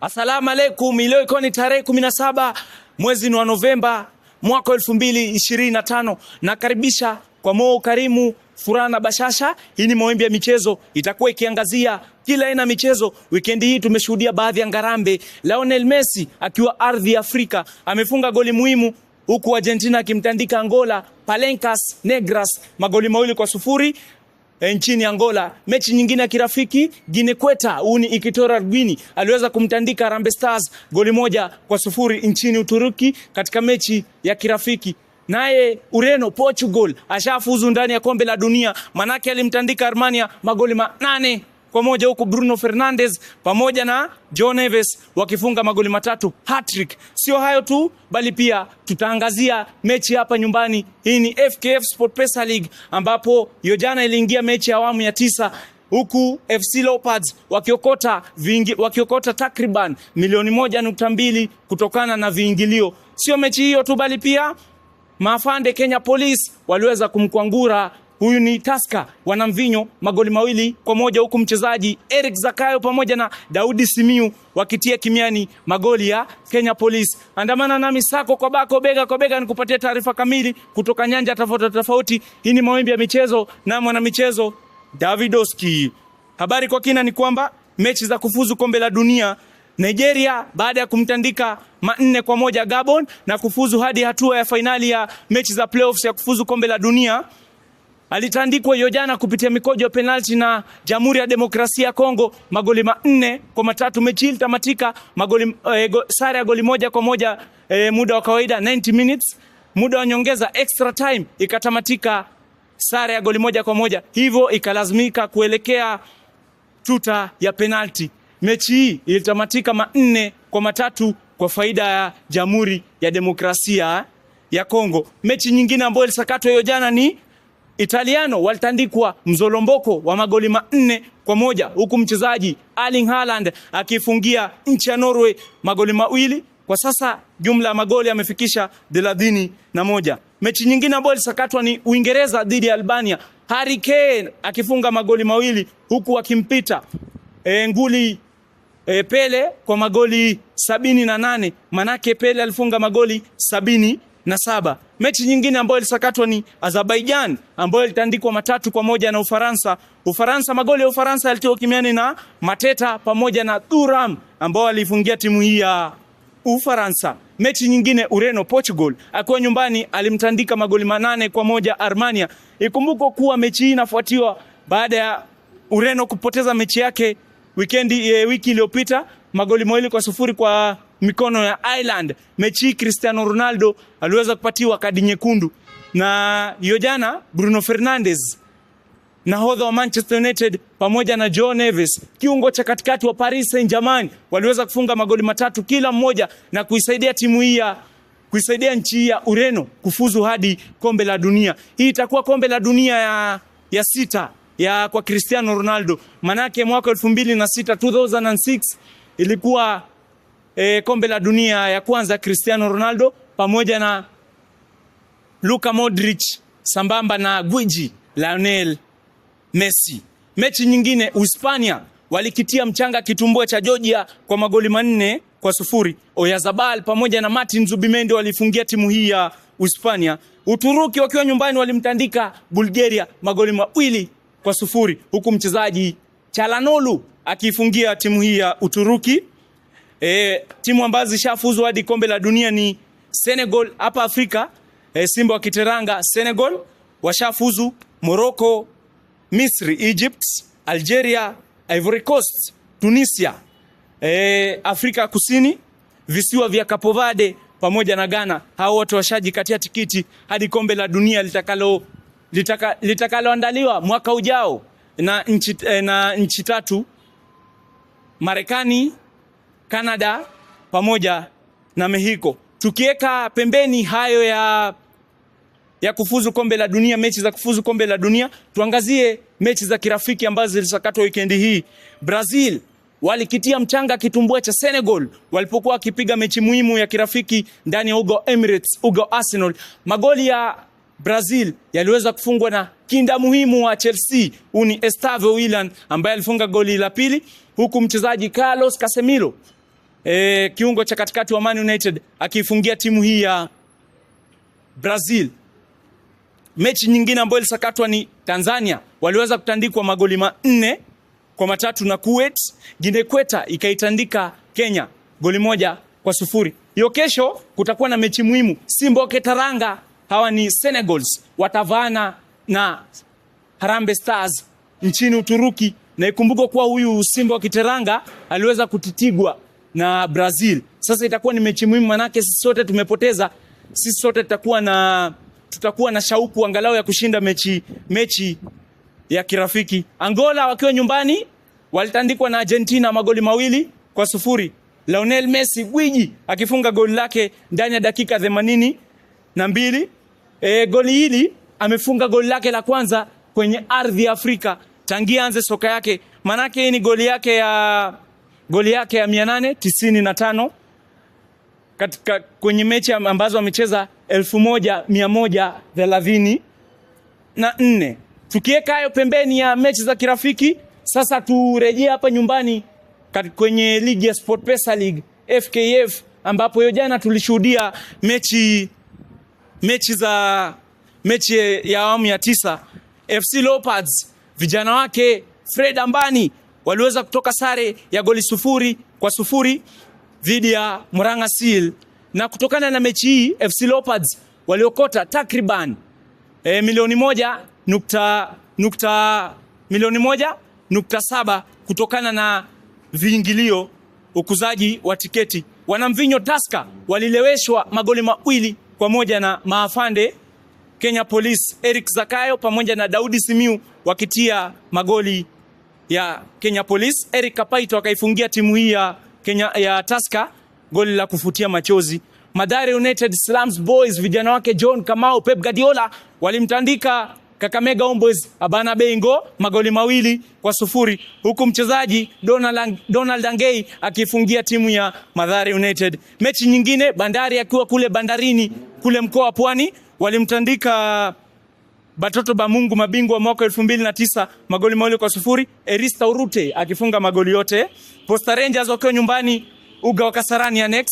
Asalamu alaykum. Leo iko ni tarehe 17 mwezi wa Novemba mwaka 2025, nakaribisha kwa moyo karimu furaha na bashasha. Hii ni Mawimbi ya Michezo, itakuwa ikiangazia kila aina michezo. Weekend hii tumeshuhudia baadhi ya ngarambe. Lionel Messi akiwa ardhi ya Afrika amefunga goli muhimu huku Argentina akimtandika Angola Palencas Negras magoli mawili kwa sufuri. E, nchini Angola, mechi nyingine ya kirafiki Kweta uni ikitora gwini aliweza kumtandika Harambee Stars goli moja kwa sufuri nchini Uturuki katika mechi ya kirafiki naye Ureno Portugal ashafuzu ndani ya kombe la dunia, manake alimtandika Armenia magoli manane kwa moja huku Bruno Fernandes pamoja na John Neves wakifunga magoli matatu hat-trick. Sio hayo tu, bali pia tutaangazia mechi hapa nyumbani. Hii ni FKF Sport Pesa League ambapo hiyo jana iliingia mechi ya awamu ya tisa huku FC Leopards wakiokota vingi, wakiokota takriban milioni moja nukta mbili kutokana na viingilio. Sio mechi hiyo tu, bali pia Mafande Kenya Police waliweza kumkwangura huyu ni Taska, wana mvinyo magoli mawili kwa moja huku mchezaji Eric Zakayo pamoja na Daudi Simiu wakitia kimiani magoli ya Kenya Police. Andamana nami sako kwa bako bega kwa bega nikupatie taarifa kamili kutoka nyanja tofauti tofauti. Hii ni mawimbi ya michezo na mwana michezo Davidoski. Habari kwa kina ni kwamba mechi za kufuzu kombe la dunia Nigeria baada ya kumtandika manne kwa moja Gabon na kufuzu hadi hatua ya fainali ya mechi za playoffs ya kufuzu kombe la dunia alitandikwa hiyo jana kupitia mikojo ya penalti na Jamhuri ya Demokrasia ya Kongo magoli manne kwa matatu. Mechi hii ilitamatika magoli e, go, sare ya goli moja kwa moja e, muda wa kawaida 90 minutes, muda wa nyongeza extra time ikatamatika sare ya goli moja kwa moja, hivyo ikalazimika kuelekea tuta ya penalti. Mechi hii ilitamatika manne kwa matatu kwa faida ya Jamhuri ya Demokrasia ya Kongo. Mechi nyingine ambayo ilisakatwa hiyo jana ni Italiano walitandikwa mzolomboko wa magoli manne kwa moja huku mchezaji Erling Haaland akifungia nchi ya Norway magoli mawili. Kwa sasa jumla ya magoli amefikisha thelathini na moja. Mechi nyingine ambayo ilisakatwa ni Uingereza dhidi ya Albania, Harry Kane akifunga magoli mawili huku akimpita e, nguli e, Pele kwa magoli sabini na nane manake Pele alifunga magoli sabini na saba. Mechi nyingine ambayo ilisakatwa ni Azerbaijan ambayo ilitandikwa matatu kwa moja na Ufaransa. Ufaransa, magoli ya Ufaransa yalitoka kimiani na Mateta pamoja na Thuram ambao alifungia timu hii ya Ufaransa. Mechi nyingine Ureno Portugal akiwa nyumbani alimtandika magoli manane kwa moja Armenia. Ikumbukwe kuwa mechi hii inafuatiwa baada ya Ureno kupoteza mechi yake wikendi, e, wiki iliyopita magoli mawili kwa sufuri kwa mikono ya Ireland. Mechi hii Cristiano Ronaldo aliweza kupatiwa kadi nyekundu, na hiyo jana Bruno Fernandes nahodha wa Manchester United pamoja na Joe Neves kiungo cha katikati wa Paris Saint-Germain waliweza kufunga magoli matatu kila mmoja na kuisaidia timu hii ya kuisaidia nchi ya Ureno kufuzu hadi kombe la dunia. Hii itakuwa kombe la dunia ya, ya sita ya kwa Cristiano Ronaldo, manake mwaka 2006 2006 ilikuwa e, kombe la dunia ya kwanza Cristiano Ronaldo pamoja na Luka Modric sambamba na gwiji Lionel Messi. Mechi nyingine Uhispania walikitia mchanga kitumbua cha Georgia kwa magoli manne kwa sufuri. Oyazabal pamoja na Martin Zubimendi walifungia timu hii ya Uhispania. Uturuki wakiwa nyumbani walimtandika Bulgaria magoli mawili kwa sufuri huku mchezaji Chalanolu akiifungia timu hii ya Uturuki E, timu ambazo zishafuzwa hadi kombe la dunia ni Senegal hapa Afrika, e, Simba wa Kiteranga Senegal washafuzu, Morocco, Misri, Egypt, Algeria, Ivory Coast, Tunisia, e, Afrika Kusini, visiwa vya Kapovade pamoja na Ghana. Hao wote washajikatia tikiti hadi kombe la dunia litakalo litaka, litakaloandaliwa mwaka ujao na nchi, na nchi tatu Marekani Canada pamoja na Mexico. Tukiweka pembeni hayo ya ya kufuzu kombe la dunia, mechi za kufuzu kombe la dunia, tuangazie mechi za kirafiki ambazo zilisakatwa weekend hii. Brazil walikitia mchanga kitumbua cha Senegal walipokuwa wakipiga mechi muhimu ya kirafiki ndani ya Ugo Emirates, Ugo Arsenal. Magoli ya Brazil yaliweza kufungwa na kinda muhimu wa Chelsea, huyu ni Estevao Willian ambaye alifunga goli la pili, huku mchezaji Carlos Casemiro e, kiungo cha katikati wa Man United akiifungia timu hii ya Brazil. Mechi nyingine ambayo ilisakatwa ni Tanzania, waliweza kutandikwa magoli manne kwa matatu na Kuwait. Guinea Ikweta ikaitandika Kenya goli moja kwa sufuri. Hiyo kesho kutakuwa na mechi muhimu, Simba Taranga hawa ni Senegals watavaana na Harambee Stars nchini Uturuki, na ikumbukwe kuwa huyu Simba wa Kiteranga aliweza kutitigwa na Brazil. Sasa itakuwa ni mechi muhimu, manake sisi sote tumepoteza, sisi sote tutakuwa na tutakuwa na shauku angalau ya kushinda mechi mechi ya kirafiki. Angola wakiwa nyumbani walitandikwa na Argentina magoli mawili kwa sufuri. Lionel Messi gwiji akifunga goli lake ndani ya dakika themanini na mbili. E, goli hili amefunga goli lake la kwanza kwenye ardhi ya Afrika tangia anze soka yake, manake hii ni goli yake ya goli yake ya 895 katika kwenye mechi ambazo amecheza 1134 na nne. Tukiweka hayo pembeni ya mechi za kirafiki, sasa turejee hapa nyumbani kwenye ligi ya SportPesa League FKF, ambapo hiyo jana tulishuhudia mechi mechi za mechi ya awamu ya tisa. FC Leopards vijana wake Fred Ambani waliweza kutoka sare ya goli sufuri kwa sufuri dhidi ya Murang'a Seal, na kutokana na mechi hii FC Leopards waliokota takriban e, milioni moja nukta, nukta, milioni moja nukta saba kutokana na viingilio, ukuzaji wa tiketi. Wanamvinyo Taska walileweshwa magoli mawili kwa moja na maafande Kenya Police Eric Zakayo pamoja na Daudi Simiu wakitia magoli ya Kenya Police, Eric Kapaito akaifungia timu hii ya Kenya ya Tusker goli la kufutia machozi. Mathare United Slums Boys vijana wake John Kamau, Pep Guardiola walimtandika Kakamega Homeboys abana bengo magoli mawili kwa sufuri huku mchezaji Donald, Donald Angei akifungia timu ya Mathare United. Mechi nyingine Bandari akiwa kule bandarini kule mkoa wa Pwani walimtandika Batoto ba Mungu mabingwa mwaka 2009 magoli mawili kwa sufuri, Erista Urute akifunga magoli yote. Posta Rangers wakiwa nyumbani uga wa Kasarani Annex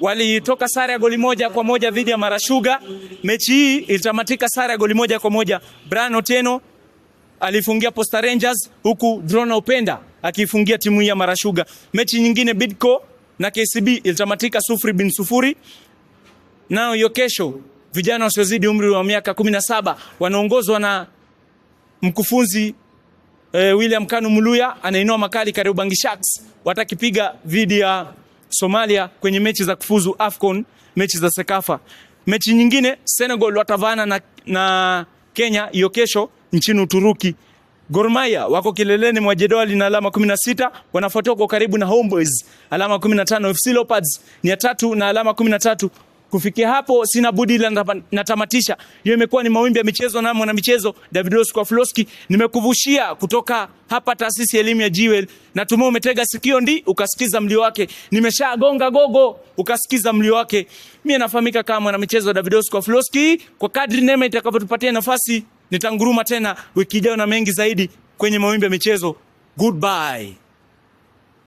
walitoka sare ya goli moja kwa moja dhidi ya Marashuga. Mechi hii ilitamatika sare ya goli moja kwa moja. Brian Otieno alifungia Posta Rangers huku Drona Upenda akifungia timu ya Marashuga. Mechi nyingine Bidco na KCB ilitamatika sufuri bin sufuri. Nao hiyo kesho vijana wasiozidi umri wa miaka kumi na saba wanaongozwa na mkufunzi e, William Kanu Muluya anainua makali Kariobangi Sharks watakipiga dhidi ya Somalia kwenye mechi za kufuzu AFCON, mechi za Sekafa. Mechi nyingine Senegal watavana na, na Kenya hiyo kesho nchini Uturuki. Gor Mahia wako kileleni mwa jedwali na alama 16, wanafuatiwa kwa karibu na Homeboys alama 15. FC Leopards ni ya tatu na alama 13. Kufikia hapo sina budi ila natamatisha. Hiyo imekuwa ni mawimbi ya michezo na mwana michezo Davidos Koflowski, nimekuvushia kutoka hapa taasisi ya elimu ya Jiwel. Natumai umetega sikio ndi ukasikiza mlio wake. Nimeshagonga gogo ukasikiza mlio wake. Mimi nafahamika kama mwana michezo Davidos Koflowski. Kwa kadri neema itakavyotupatia nafasi, nitanguruma tena wiki ijayo na mengi zaidi kwenye mawimbi ya michezo. Goodbye.